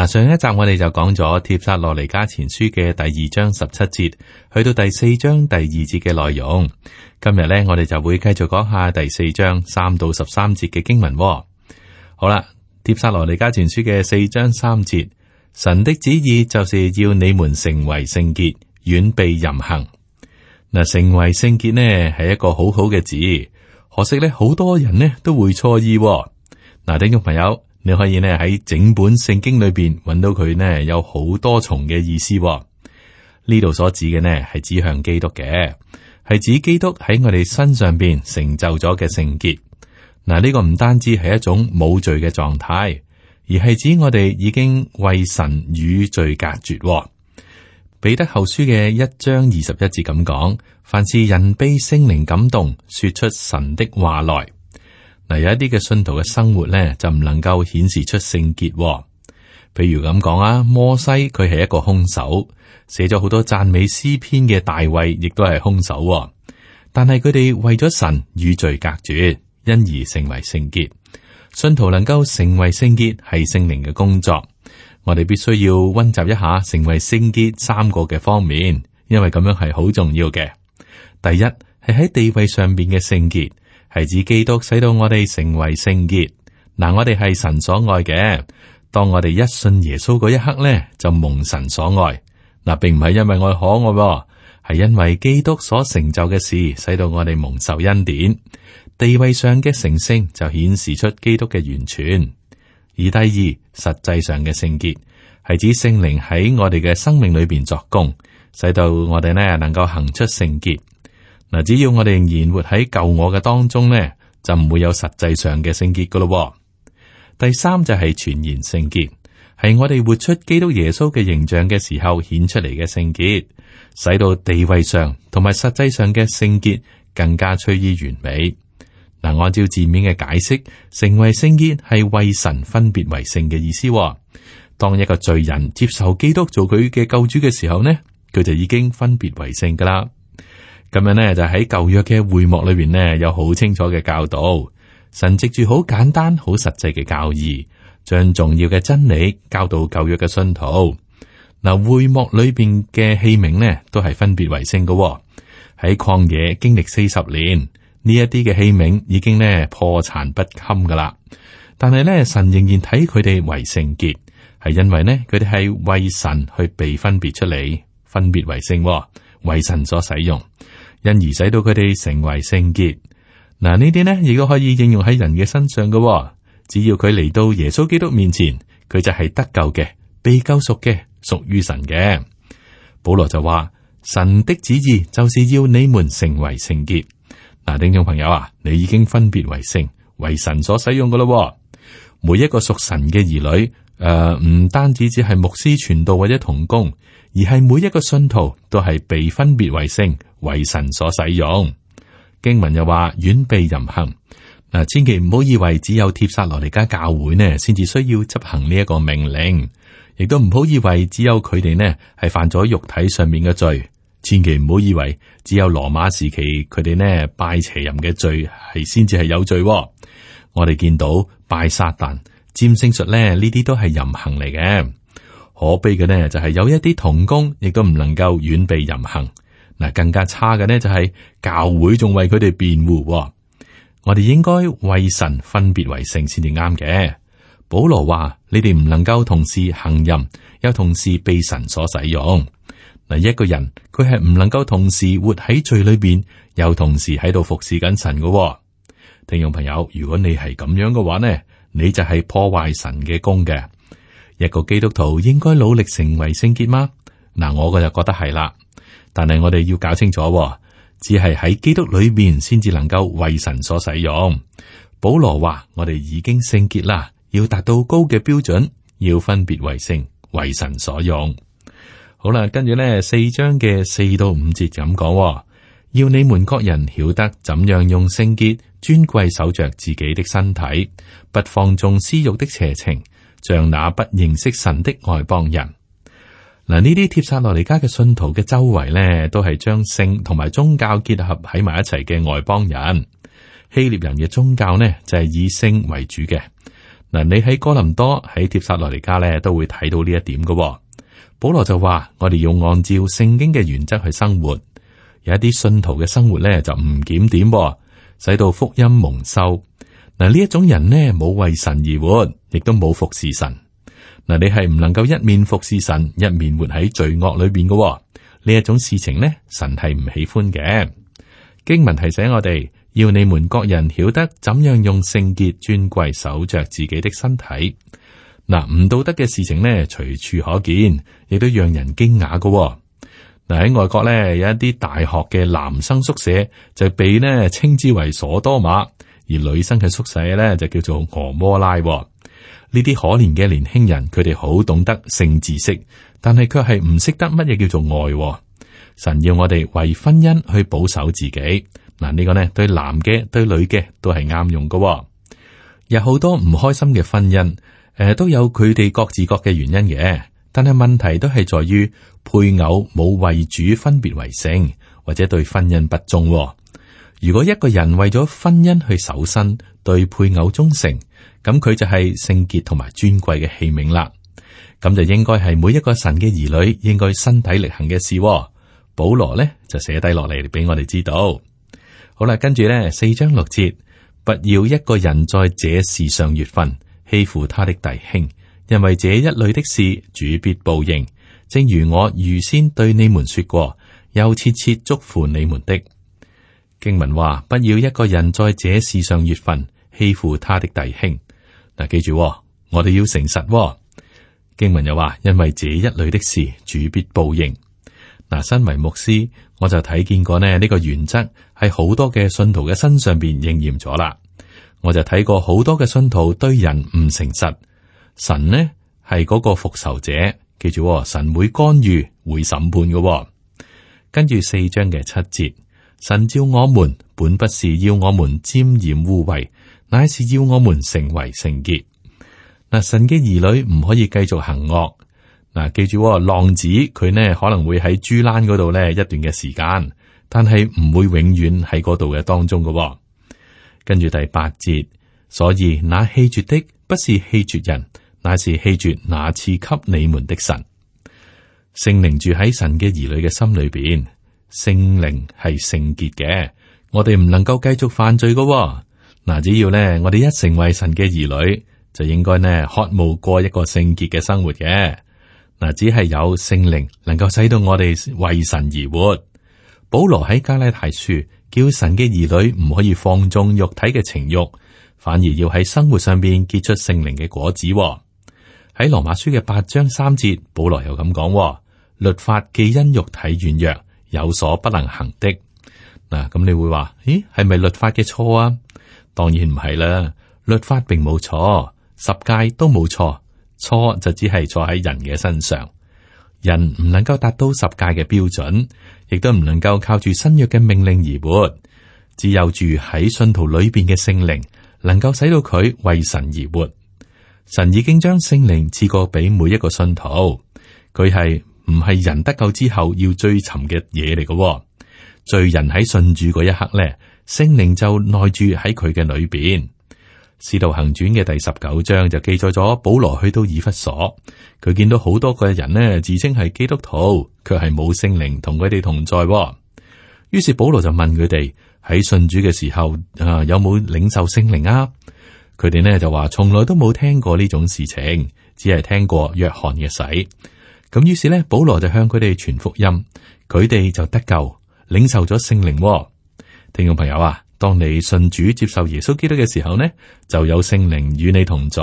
嗱,上一集我哋就講咗《帖撒羅尼迦前書》嘅第二章十七節,去到第四章第二節嘅內容。今日呢,我哋就會繼續講下第四章三到十三節嘅經文、哦。好啦,《帖撒羅尼迦前書》嘅四章三節,神的旨意就是要你們成為聖潔,遠避淫行。嗱,成為聖潔呢係一個好好嘅字,可惜呢,好多人呢都會錯意、哦。嗱,聽眾朋友。你可以呢喺整本聖經裏邊揾到佢呢有好多重嘅意思、哦。呢度所指嘅呢係指向基督嘅，係指基督喺我哋身上邊成就咗嘅聖潔。嗱、這、呢個唔單止係一種冇罪嘅狀態，而係指我哋已經為神與罪隔絕。彼得後書嘅一章二十一節咁講：凡是人被聖靈感動，說出神的話來。嗱，有一啲嘅信徒嘅生活咧，就唔能夠顯示出聖潔喎。譬如咁講啊，摩西佢係一個兇手，寫咗好多讚美詩篇嘅大衛亦都係兇手喎。但係佢哋為咗神與罪隔絕，因而成為聖潔。信徒能夠成為聖潔係聖靈嘅工作。我哋必須要溫習一下成為聖潔三個嘅方面，因為咁樣係好重要嘅。第一係喺地位上邊嘅聖潔。係指基督使到我哋成為聖潔，嗱、啊、我哋係神所愛嘅。當我哋一信耶穌嗰一刻呢，就蒙神所愛。嗱、啊，並唔係因為我哋可愛，係因為基督所成就嘅事，使到我哋蒙受恩典。地位上嘅成聖就顯示出基督嘅完全。而第二，實際上嘅聖潔，係指聖靈喺我哋嘅生命裏邊作工，使到我哋呢能夠行出聖潔。嗱，只要我哋仍然活喺舊我嘅當中呢，就唔會有實際上嘅聖潔噶咯。第三就係全然聖潔，係我哋活出基督耶穌嘅形象嘅時候顯出嚟嘅聖潔，使到地位上同埋實際上嘅聖潔更加趨於完美。嗱，按照字面嘅解釋，成為聖潔係為神分別為聖嘅意思。當一個罪人接受基督做佢嘅救主嘅時候呢，佢就已經分別為聖噶啦。咁樣呢，就喺舊約嘅會幕裏邊呢，有好清楚嘅教導。神藉住好簡單、好實際嘅教義，將重要嘅真理教導舊約嘅信徒。嗱、啊，會幕裏邊嘅器皿呢，都係分別為聖嘅喎。喺曠野經歷四十年呢，一啲嘅器皿已經呢，破殘不堪噶啦，但係呢，神仍然睇佢哋為聖潔，係因為呢，佢哋係為神去被分別出嚟，分別為聖、哦，為神所使用。因而使到佢哋成為聖潔，嗱，呢啲呢亦都可以應用喺人嘅身上嘅。哦，只要佢嚟到耶穌基督面前，佢就係得救嘅，被救贖嘅，屬於神嘅。保羅就話：神的旨意就是要你們成為聖潔。嗱，聽眾朋友啊，你已經分別為聖，為神所使用噶啦。哦。每一個屬神嘅兒女，誒、呃，唔單止只係牧師傳道或者同工。而係每一個信徒都係被分別為聖，為神所使用。經文又話遠避淫行，嗱，千祈唔好以為只有帖撒羅尼迦教會呢，先至需要執行呢一個命令，亦都唔好以為只有佢哋呢係犯咗肉體上面嘅罪，千祈唔好以為只有羅馬時期佢哋呢拜邪淫嘅罪係先至係有罪。我哋見到拜撒旦、占星術呢，呢啲都係淫行嚟嘅。可悲嘅呢，就係有一啲同工，亦都唔能夠遠避淫行。嗱，更加差嘅呢，就係教會仲為佢哋辯護。我哋應該為神分別為聖先至啱嘅。保羅話：你哋唔能夠同時行淫，又同時被神所使用。嗱，一個人佢係唔能夠同時活喺罪裏邊，又同時喺度服侍緊神嘅。聽眾朋友，如果你係咁樣嘅話呢，你就係破壞神嘅工嘅。一個基督徒應該努力成為聖潔嗎？嗱、呃，我個就覺得係啦。但係我哋要搞清楚，喎，只係喺基督裏面先至能夠為神所使用。保羅話：我哋已經聖潔啦，要達到高嘅標準，要分別為聖，為神所用。好啦，跟住咧四章嘅四到五節咁講，喎，要你們各人曉得怎樣用聖潔尊貴守着自己的身體，不放縱私欲的邪情。像那不認識神的外邦人，嗱，呢啲帖撒羅尼迦嘅信徒嘅周圍呢，都係將聖同埋宗教結合喺埋一齊嘅外邦人。希臘人嘅宗教呢，就係、是、以聖為主嘅。嗱，你喺哥林多喺帖撒羅尼迦呢，都會睇到呢一點嘅。保羅就話，我哋要按照聖經嘅原則去生活。有一啲信徒嘅生活呢，就唔檢點，使到福音蒙羞。嗱呢一種人呢，冇為神而活，亦都冇服侍神。嗱，你係唔能夠一面服侍神，一面活喺罪惡裏邊嘅。呢一種事情呢，神係唔喜歡嘅。經文提醒我哋，要你們各人曉得怎樣用聖潔尊貴守着自己的身體。嗱，唔道德嘅事情呢，隨處可見，亦都讓人驚訝嘅。嗱喺外國呢，有一啲大學嘅男生宿舍就被呢稱之為所多瑪。而女生嘅宿舍咧就叫做俄摩拉，呢、哦、啲可憐嘅年輕人，佢哋好懂得性知識，但係卻係唔識得乜嘢叫做愛、哦。神要我哋為婚姻去保守自己，嗱、啊、呢、呢個呢，對男嘅對女嘅都係啱用嘅、哦。有好多唔開心嘅婚姻，誒、呃、都有佢哋各自各嘅原因嘅，但係問題都係在於配偶冇為主分別為聖，或者對婚姻不忠、哦。如果一個人為咗婚姻去守身，對配偶忠誠，咁佢就係聖潔同埋尊貴嘅器皿啦。咁就應該係每一個神嘅兒女應該身體力行嘅事、哦。保羅呢就寫低落嚟俾我哋知道。好啦，跟住呢四章六節，不要一個人在這事上月份欺負他的弟兄，因為這一類的事主必報應。正如我預先對你們說過，又切切祝福你們的。經文話：不要一個人在這事上越份欺負他的弟兄。嗱，記住、哦，我哋要誠實、哦。經文又話：因為這一類的事，主必報應。嗱，身為牧師，我就睇見過呢呢個原則喺好多嘅信徒嘅身上邊應驗咗啦。我就睇過好多嘅信徒對人唔誠實，神呢係嗰個復仇者。記住、哦，神會干預，會審判嘅、哦。跟住四章嘅七節。神召我們，本不是要我們沾染污穢，乃是要我們成為聖潔。嗱，神嘅兒女唔可以繼續行惡。嗱，記住，浪子佢呢可能會喺豬欄嗰度呢一段嘅時間，但係唔會永遠喺嗰度嘅當中嘅。跟住第八節，所以那棄絕的不是棄絕人，乃是棄絕那賜給你們的神。聖靈住喺神嘅兒女嘅心裏邊。聖靈係聖潔嘅，我哋唔能夠繼續犯罪噶。嗱，只要呢，我哋一成為神嘅兒女，就應該呢渴慕過一個聖潔嘅生活嘅。嗱，只係有聖靈能夠使到我哋為神而活。保羅喺加拉太書叫神嘅兒女唔可以放縱肉體嘅情欲，反而要喺生活上邊結出聖靈嘅果子，哦。喺羅馬書嘅八章三節，保羅又咁講：律法既因肉體軟弱有所不能行的。嗱，咁你會話，咦，係咪律法嘅錯啊？當然唔係啦，律法並冇錯，十誡都冇錯，錯就只係錯喺人嘅身上。人唔能夠達到十誡嘅標準，亦都唔能夠靠住新約嘅命令而活，只有住喺信徒裏邊嘅聖靈，能夠使到佢為神而活。神已經將聖靈賜過俾每一個信徒，佢係。唔係人得救之後要追尋嘅嘢嚟嘅，罪人喺信主嗰一刻呢，聖靈就內住喺佢嘅裏邊。使徒行傳嘅第十九章就記載咗保羅去到以弗所，佢見到好多個人呢，自稱係基督徒，卻係冇聖靈同佢哋同在，哦。於是保羅就問佢哋喺信主嘅時候啊，有冇領受聖靈啊？佢哋呢就話從來都冇聽過呢種事情，只係聽過約翰嘅洗。」咁於是咧，保羅就向佢哋傳福音，佢哋就得救，領受咗聖靈。聽眾朋友啊，當你信主接受耶穌基督嘅時候呢，就有聖靈與你同在。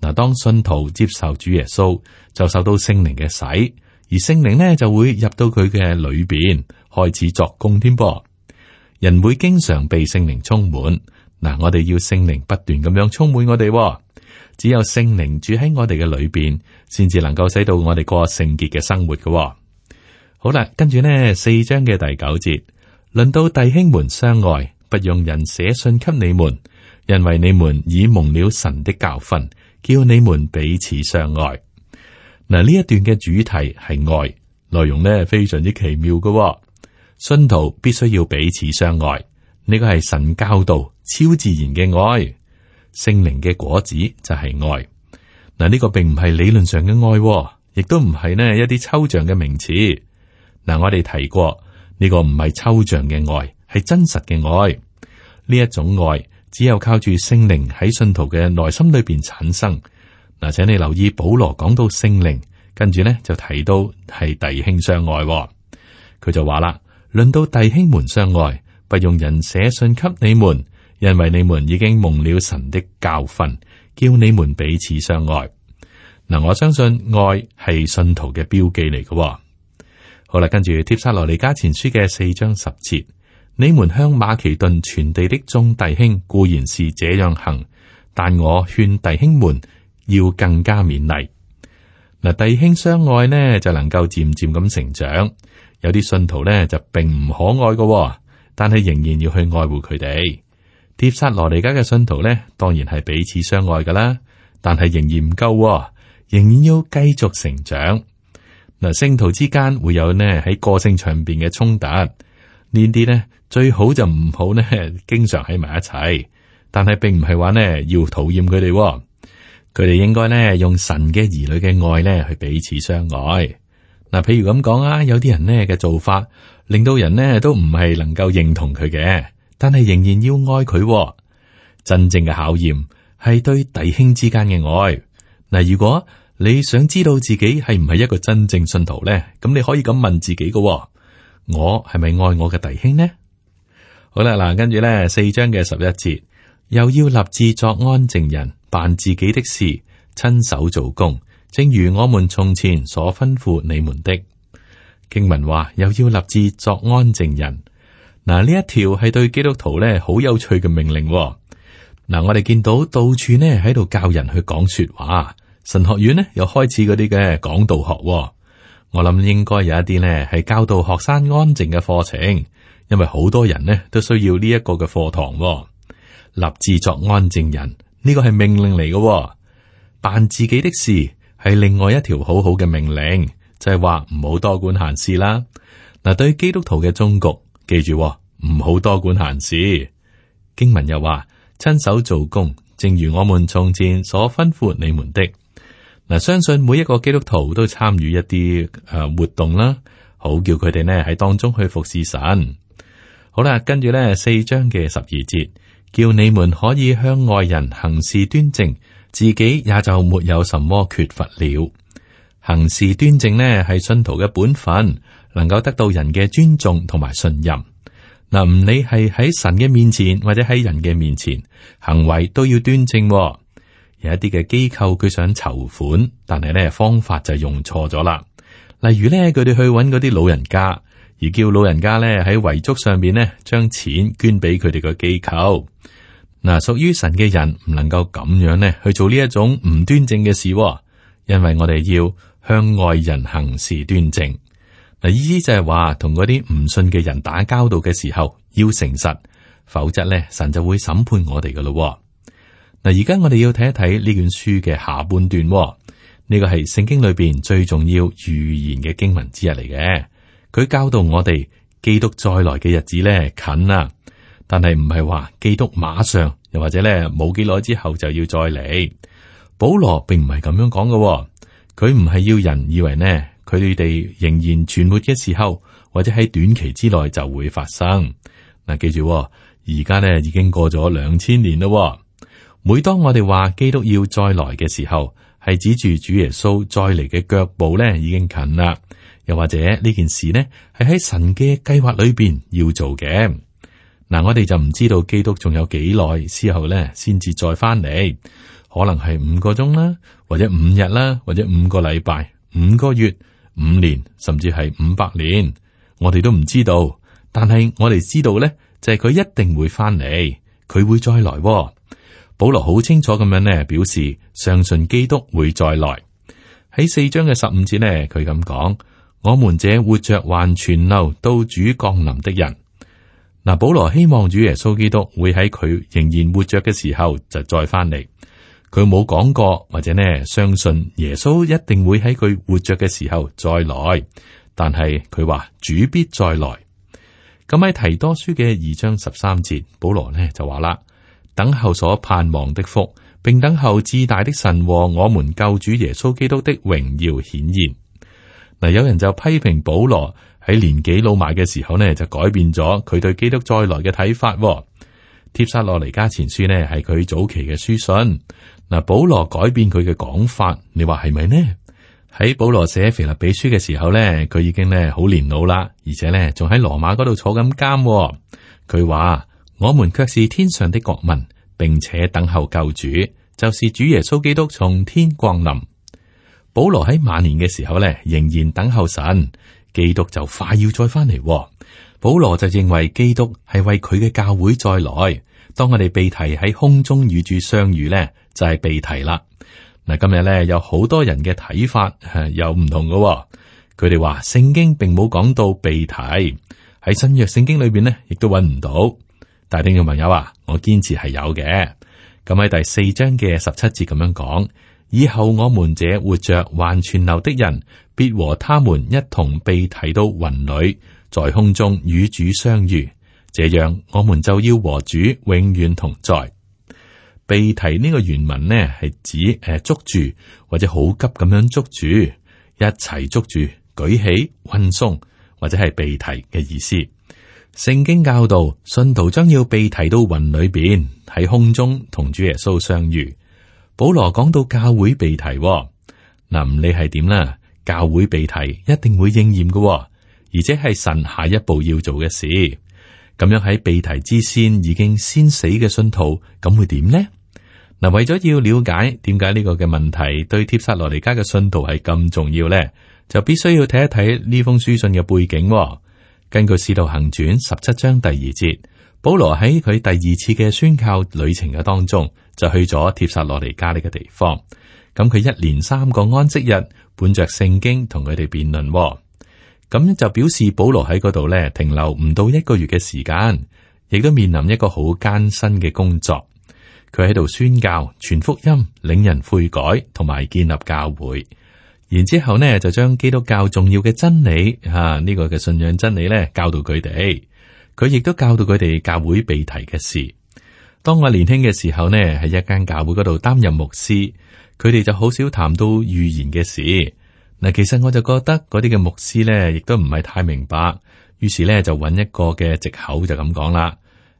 嗱，當信徒接受主耶穌，就受到聖靈嘅洗，而聖靈呢就會入到佢嘅裏邊，開始作工添噃。人會經常被聖靈充滿。嗱，我哋要聖靈不斷咁樣充滿我哋。只有聖靈住喺我哋嘅裏邊，先至能夠使到我哋過聖潔嘅生活嘅，哦。好啦，跟住呢四章嘅第九節，論到弟兄們相愛，不用人寫信給你們，因為你們已蒙了神的教訓，叫你們彼此相愛。嗱，呢一段嘅主題係愛，內容呢非常之奇妙嘅，哦。信徒必須要彼此相愛，呢個係神教導超自然嘅愛。聖靈嘅果子就係愛，嗱、這、呢個並唔係理論上嘅愛，亦都唔係呢一啲抽象嘅名詞。嗱，我哋提過呢、這個唔係抽象嘅愛，係真實嘅愛。呢一種愛只有靠住聖靈喺信徒嘅內心裏邊產生。嗱，請你留意保羅講到聖靈，跟住呢就提到係弟兄相愛，佢就話啦，論到弟兄們相愛，不用人寫信給你們。因為你們已經蒙了神的教訓，叫你們彼此相愛。嗱，我相信愛係信徒嘅標記嚟嘅。好啦，跟住《帖撒羅尼迦前書》嘅四章十節，你們向馬其頓傳遞的眾弟兄固然是這樣行，但我勸弟兄們要更加勉勵。嗱，弟兄相愛呢就能夠漸漸咁成長。有啲信徒呢就並唔可愛嘅，但係仍然要去愛護佢哋。帖撒羅尼迦嘅信徒咧，當然係彼此相愛嘅啦。但係仍然唔夠、哦，仍然要繼續成長。嗱，聖徒之間會有呢喺個性上邊嘅衝突，呢啲咧最好就唔好呢經常喺埋一齊。但係並唔係話呢要討厭佢哋、哦，佢哋應該呢用神嘅兒女嘅愛咧去彼此相愛。嗱，譬如咁講啊，有啲人呢嘅做法，令到人呢都唔係能夠認同佢嘅。但係仍然要愛佢、哦，真正嘅考驗係對弟兄之間嘅愛。嗱，如果你想知道自己係唔係一個真正信徒呢，咁你可以咁問自己嘅、哦：我係咪愛我嘅弟兄呢？好啦，嗱，跟住咧四章嘅十一節，又要立志作安靜人，辦自己的事，親手做工，正如我們從前所吩咐你們的。經文話，又要立志作安靜人。嗱，呢一條係對基督徒咧好有趣嘅命令、哦。嗱、啊，我哋見到到處呢喺度教人去講說話，神學院呢又開始嗰啲嘅講道學、哦。我諗應該有一啲呢係教導學生安靜嘅課程，因為好多人呢都需要呢一個嘅課堂、哦。立志作安靜人呢個係命令嚟嘅、哦，辦自己的事係另外一條好好嘅命令，就係話唔好多管閒事啦。嗱、啊，對基督徒嘅忠告。記住唔好多管閒事。經文又話：親手做工，正如我們從前所吩咐你們的。嗱，相信每一個基督徒都參與一啲誒活動啦，好叫佢哋呢喺當中去服侍神。好啦，跟住呢四章嘅十二節，叫你們可以向外人行事端正，自己也就沒有什麼缺乏了。行事端正呢係信徒嘅本分，能夠得到人嘅尊重同埋信任嗱，唔理係喺神嘅面前或者喺人嘅面前，行為都要端正。有一啲嘅機構佢想籌款，但係咧方法就用錯咗啦。例如咧，佢哋去搵嗰啲老人家而叫老人家咧喺遺囑上邊咧將錢捐俾佢哋個機構。嗱，屬於神嘅人唔能夠咁樣咧去做呢一種唔端正嘅事，因為我哋要向外人行事端正。嗱，意思就係話，同嗰啲唔信嘅人打交道嘅時候，要誠實，否則咧神就會審判我哋噶咯。嗱，而家我哋要睇一睇呢卷書嘅下半段，呢個係聖經裏邊最重要預言嘅經文之一嚟嘅。佢教導我哋，基督再來嘅日子咧近啦，但係唔係話基督馬上，又或者咧冇幾耐之後就要再嚟。保羅並唔係咁樣講噶，佢唔係要人以為呢。佢哋仍然存活嘅時候，或者喺短期之內就會發生。嗱，記住，而家呢已經過咗兩千年啦。每當我哋話基督要再來嘅時候，係指住主耶穌再嚟嘅腳步呢已經近啦。又或者呢件事呢係喺神嘅計劃裏邊要做嘅。嗱，我哋就唔知道基督仲有幾耐之後呢先至再翻嚟，可能係五個鐘啦，或者五日啦，或者五個禮拜、五個月。五年，甚至係五百年，我哋都唔知道。但係我哋知道呢，就係、是、佢一定會翻嚟，佢會再來、哦。保羅好清楚咁樣呢，表示相信基督會再來。喺四章嘅十五節呢，佢咁講：我們這活着還存留到主降臨的人，嗱，保羅希望主耶穌基督會喺佢仍然活着嘅時候就再翻嚟。佢冇講過，或者呢，相信耶穌一定會喺佢活着嘅時候再來，但係佢話主必再來。咁喺提多書嘅二章十三節，保羅呢就話啦：等候所盼望的福，並等候至大的神和我們救主耶穌基督的榮耀顯現。嗱，有人就批評保羅喺年紀老邁嘅時候呢，就改變咗佢對基督再來嘅睇法。帖撒羅尼加前書呢係佢早期嘅書信。嗱，保羅改變佢嘅講法，你話係咪呢？喺保羅寫腓立比書嘅時候呢，佢已經呢好年老啦，而且呢仲喺羅馬嗰度坐緊監。佢話：我們卻是天上的國民，並且等候救主，就是主耶穌基督從天降臨。保羅喺晚年嘅時候呢，仍然等候神，基督就快要再翻嚟。保羅就認為基督係為佢嘅教會再來。當我哋被提喺空中與主相遇呢，就係、是、被提啦。嗱，今日咧有好多人嘅睇法係有唔同噶、哦。佢哋話聖經並冇講到被提，喺新約聖經裏邊呢亦都揾唔到。大丁嘅朋友啊，我堅持係有嘅。咁喺第四章嘅十七節咁樣講，以後我們這活着還存留的人，必和他們一同被提到雲裏。在空中與主相遇，這樣我們就要和主永遠同在。被提呢個原文呢係指誒、呃、捉住或者好急咁樣捉住，一齊捉住、舉起、運送或者係被提嘅意思。聖經教導，信徒將要被提到雲裏邊，喺空中同主耶穌相遇。保羅講到教會被提、哦，嗱唔理係點啦，教會被提一定會應驗嘅、哦。而且係神下一步要做嘅事，咁樣喺被提之先已經先死嘅信徒，咁會點呢？嗱，為咗要了解點解呢個嘅問題對帖撒羅尼迦嘅信徒係咁重要呢？就必須要睇一睇呢封書信嘅背景。根據《使徒行傳》十七章第二節，保羅喺佢第二次嘅宣教旅程嘅當中，就去咗帖撒羅尼迦呢個地方。咁佢一連三個安息日，本着聖經同佢哋辯論。咁就表示保羅喺嗰度咧停留唔到一個月嘅時間，亦都面臨一個好艱辛嘅工作。佢喺度宣教、傳福音、令人悔改，同埋建立教會。然之後咧就將基督教重要嘅真理吓呢、啊這個嘅信仰真理咧教導佢哋。佢亦都教導佢哋教會被提嘅事。當我年輕嘅時候呢，喺一間教會嗰度擔任牧師，佢哋就好少談到預言嘅事。嗱，其實我就覺得嗰啲嘅牧師咧，亦都唔係太明白，於是咧就揾一個嘅藉口，就咁講啦。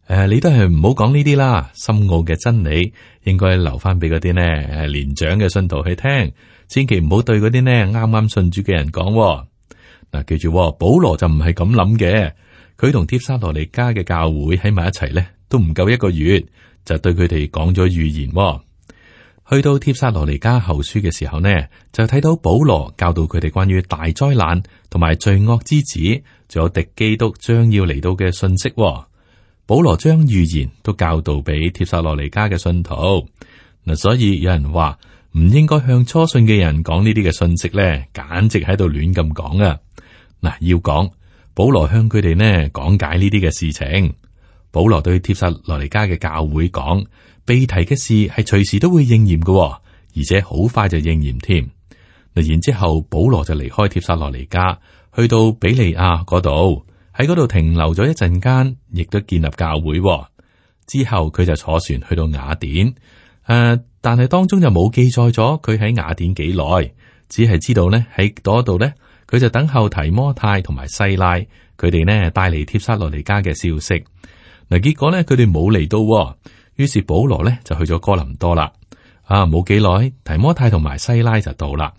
誒、呃，你都係唔好講呢啲啦，深奧嘅真理應該留翻俾嗰啲咧年長嘅信徒去聽，千祈唔好對嗰啲咧啱啱信主嘅人講，哦。嗱，啊，記住，哦，保羅就唔係咁諗嘅，佢同帖撒羅尼迦嘅教會喺埋一齊咧，都唔夠一個月，就對佢哋講咗預言喎，哦。去到帖撒羅尼迦後書嘅時候呢，就睇到保羅教導佢哋關於大災難同埋罪惡之子，仲有敵基督將要嚟到嘅信息。保羅將預言都教導俾帖撒羅尼迦嘅信徒嗱，所以有人話唔應該向初信嘅人講呢啲嘅信息咧，簡直喺度亂咁講啊！嗱，要講保羅向佢哋呢講解呢啲嘅事情。保羅對帖撒羅尼迦嘅教會講，被提嘅事係隨時都會應驗嘅，哦，而且好快就應驗添。然之後，保羅就離開帖撒羅尼迦，去到比利亞嗰度，喺嗰度停留咗一陣間，亦都建立教會，哦。之後佢就坐船去到雅典，誒、呃，但係當中就冇記載咗佢喺雅典幾耐，只係知道呢，喺嗰度呢，佢就等候提摩太同埋西拉佢哋呢帶嚟帖撒羅尼迦嘅消息。嗱，結果咧佢哋冇嚟到，於是保羅咧就去咗哥林多啦。啊，冇幾耐，提摩太同埋西拉就到啦，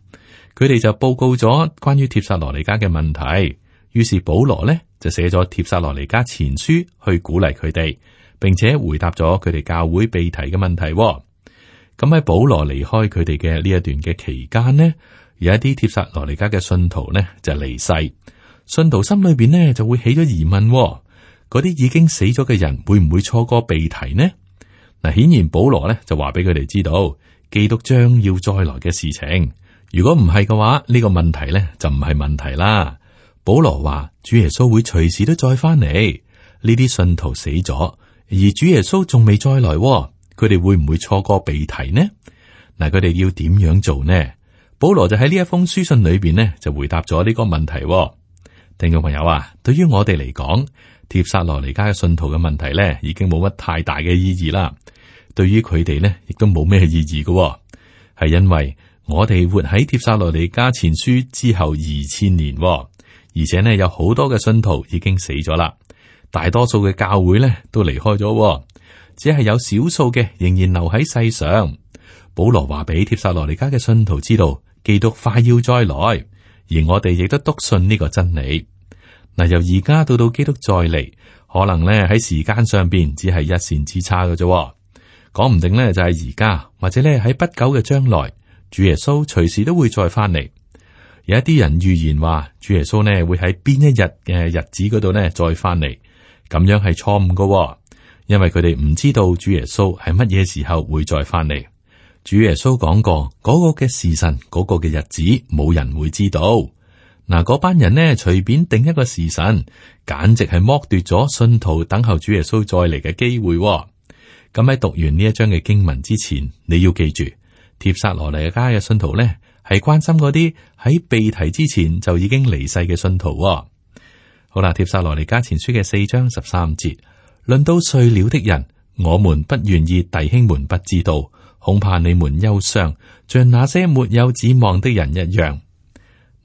佢哋就報告咗關於帖撒羅尼迦嘅問題。於是保羅咧就寫咗帖撒羅尼迦前書去鼓勵佢哋，並且回答咗佢哋教會被提嘅問題。咁喺保羅離開佢哋嘅呢一段嘅期間呢，有一啲帖撒羅尼迦嘅信徒呢就離世，信徒心裏邊呢就會起咗疑問。嗰啲已經死咗嘅人會唔會錯過被提呢？嗱，顯然保羅咧就話俾佢哋知道基督將要再來嘅事情。如果唔係嘅話，呢個問題咧就唔係問題啦。保羅話主耶穌會隨時都再翻嚟。呢啲信徒死咗，而主耶穌仲未再來，佢哋會唔會錯過被提呢？嗱，佢哋要點樣做呢？保羅就喺呢一封書信裏邊呢就回答咗呢個問題。聽眾朋友啊，對於我哋嚟講。帖撒羅尼迦嘅信徒嘅問題咧，已經冇乜太大嘅意義啦。對於佢哋咧，亦都冇咩意義嘅。係因為我哋活喺帖撒羅尼迦前書之後二千年，而且呢，有好多嘅信徒已經死咗啦。大多數嘅教會咧都離開咗，只係有少數嘅仍然留喺世上。保羅話俾帖撒羅尼迦嘅信徒知道，基督快要再來，而我哋亦都篤信呢個真理。嗱，由而家到到基督再嚟，可能咧喺時間上邊只係一線之差嘅啫，講唔定咧就係而家，或者咧喺不久嘅將來，主耶穌隨時都會再翻嚟。有一啲人預言話，主耶穌咧會喺邊一日嘅日子嗰度咧再翻嚟，咁樣係錯誤嘅，因為佢哋唔知道主耶穌係乜嘢時候會再翻嚟。主耶穌講過，嗰個嘅時辰，嗰個嘅日子，冇人會知道。嗱，嗰、啊、班人呢，隨便定一個時辰，簡直係剝奪咗信徒等候主耶穌再嚟嘅機會、哦。咁、嗯、喺讀完呢一章嘅經文之前，你要記住，帖撒羅尼迦嘅信徒呢，係關心嗰啲喺被提之前就已經離世嘅信徒、哦。好啦，帖撒羅尼迦前書嘅四章十三節，論到睡了的人，我們不願意弟兄們不知道，恐怕你們憂傷，像那些沒有指望的人一樣。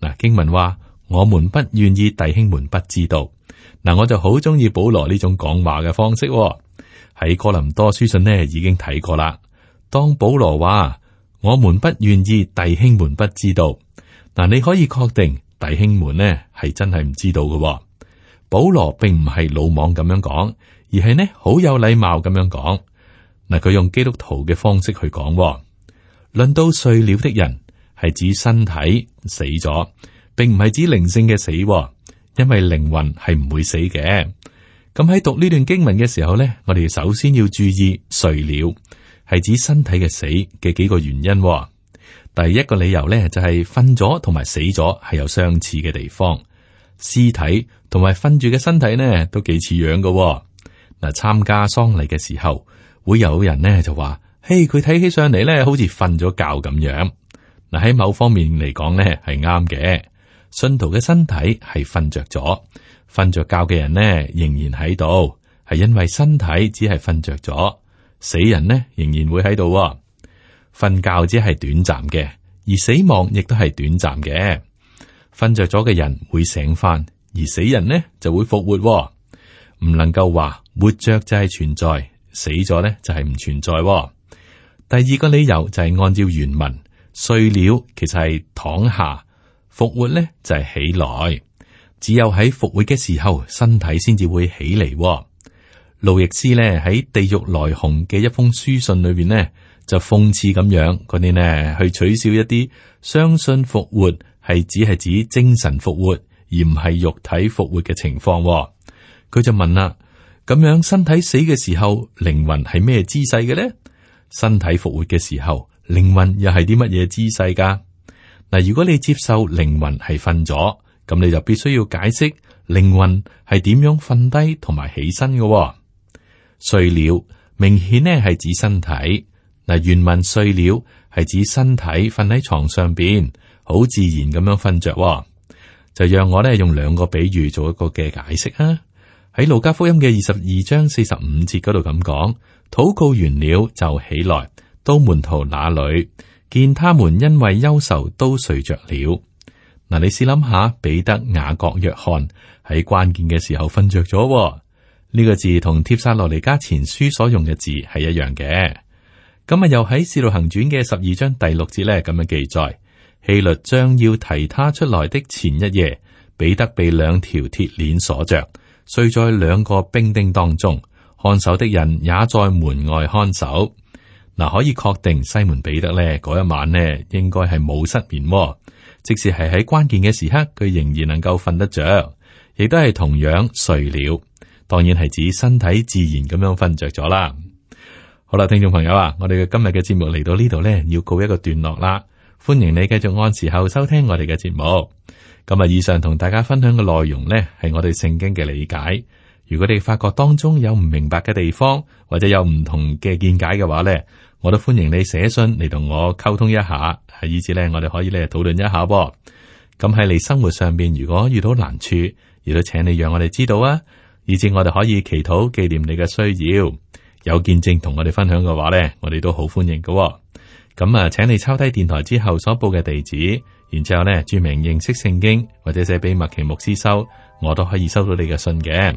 嗱，經文話我們不願意弟兄們不知道，嗱我就好中意保羅呢種講話嘅方式喎、哦。喺哥林多書信呢已經睇過啦。當保羅話我們不願意弟兄們不知道，嗱你可以確定弟兄們呢係真係唔知道嘅、哦。保羅並唔係魯莽咁樣講，而係呢好有禮貌咁樣講。嗱佢用基督徒嘅方式去講，論到睡了的人。係指身體死咗，並唔係指靈性嘅死、哦，因為靈魂係唔會死嘅。咁喺讀呢段經文嘅時候咧，我哋首先要注意睡了，係指身體嘅死嘅幾個原因、哦。第一個理由咧就係瞓咗同埋死咗係有相似嘅地方，屍體同埋瞓住嘅身體呢，都幾似樣嘅、哦。嗱，參加喪禮嘅時候，會有人咧就話：嘿，佢睇起上嚟咧，好似瞓咗覺咁樣。喺某方面嚟講咧，係啱嘅。信徒嘅身體係瞓着咗，瞓着覺嘅人呢仍然喺度，係因為身體只係瞓着咗。死人呢仍然會喺度。瞓覺只係短暫嘅，而死亡亦都係短暫嘅。瞓着咗嘅人會醒翻，而死人呢就會復活喎。唔能夠話活着就係存在，死咗呢就係唔存在喎。第二個理由就係按照原文。睡了其實係躺下，復活咧就係、是、起來，只有喺復活嘅時候身體先至會起嚟、哦。路易斯呢喺地獄來鴻嘅一封書信裏邊呢，就諷刺咁樣嗰啲呢去取笑一啲相信復活係只係指精神復活而唔係肉體復活嘅情況、哦。佢就問啦：咁樣身體死嘅時候靈魂係咩姿勢嘅呢？」身體復活嘅時候？靈魂又係啲乜嘢姿勢噶？嗱，如果你接受靈魂係瞓咗，咁你就必須要解釋靈魂係點樣瞓低同埋起身嘅，哦。睡了，明顯呢係指身體。嗱，原文睡了係指身體瞓喺床上邊，好自然咁樣瞓着。就讓我呢用兩個比喻做一個嘅解釋啊。喺路加福音嘅二十二章四十五節嗰度咁講，禱告完了就起來。到門徒那裏，見他們因為憂愁都睡着了。嗱、啊，你試諗下，彼得、雅各、約翰喺關鍵嘅時候瞓着咗。呢、這個字同《帖撒羅尼迦前書》所用嘅字係一樣嘅。咁啊，又喺《使徒行傳》嘅十二章第六節呢咁樣記載：希律將要提他出來的前一夜，彼得被兩條鐵鏈鎖着，睡在兩個兵丁當中，看守的人也在門外看守。嗱，可以確定西門彼得呢，嗰一晚呢，應該係冇失眠，即使係喺關鍵嘅時刻，佢仍然能夠瞓得着，亦都係同樣睡了。當然係指身體自然咁樣瞓着咗啦。好啦，聽眾朋友啊，我哋嘅今日嘅節目嚟到呢度呢，要告一個段落啦。歡迎你繼續按時候收聽我哋嘅節目。咁啊，以上同大家分享嘅內容呢，係我哋聖經嘅理解。如果你發覺當中有唔明白嘅地方，或者有唔同嘅見解嘅話呢，我都歡迎你寫信嚟同我溝通一下，啊，以致呢，我哋可以嚟討論一下。咁喺你生活上面，如果遇到難處，亦都請你讓我哋知道啊，以致我哋可以祈禱紀念你嘅需要。有見證同我哋分享嘅話呢，我哋都好歡迎噶。咁啊，請你抄低電台之後所報嘅地址，然之後咧註明認識聖經，或者寫俾麥奇牧師收，我都可以收到你嘅信嘅。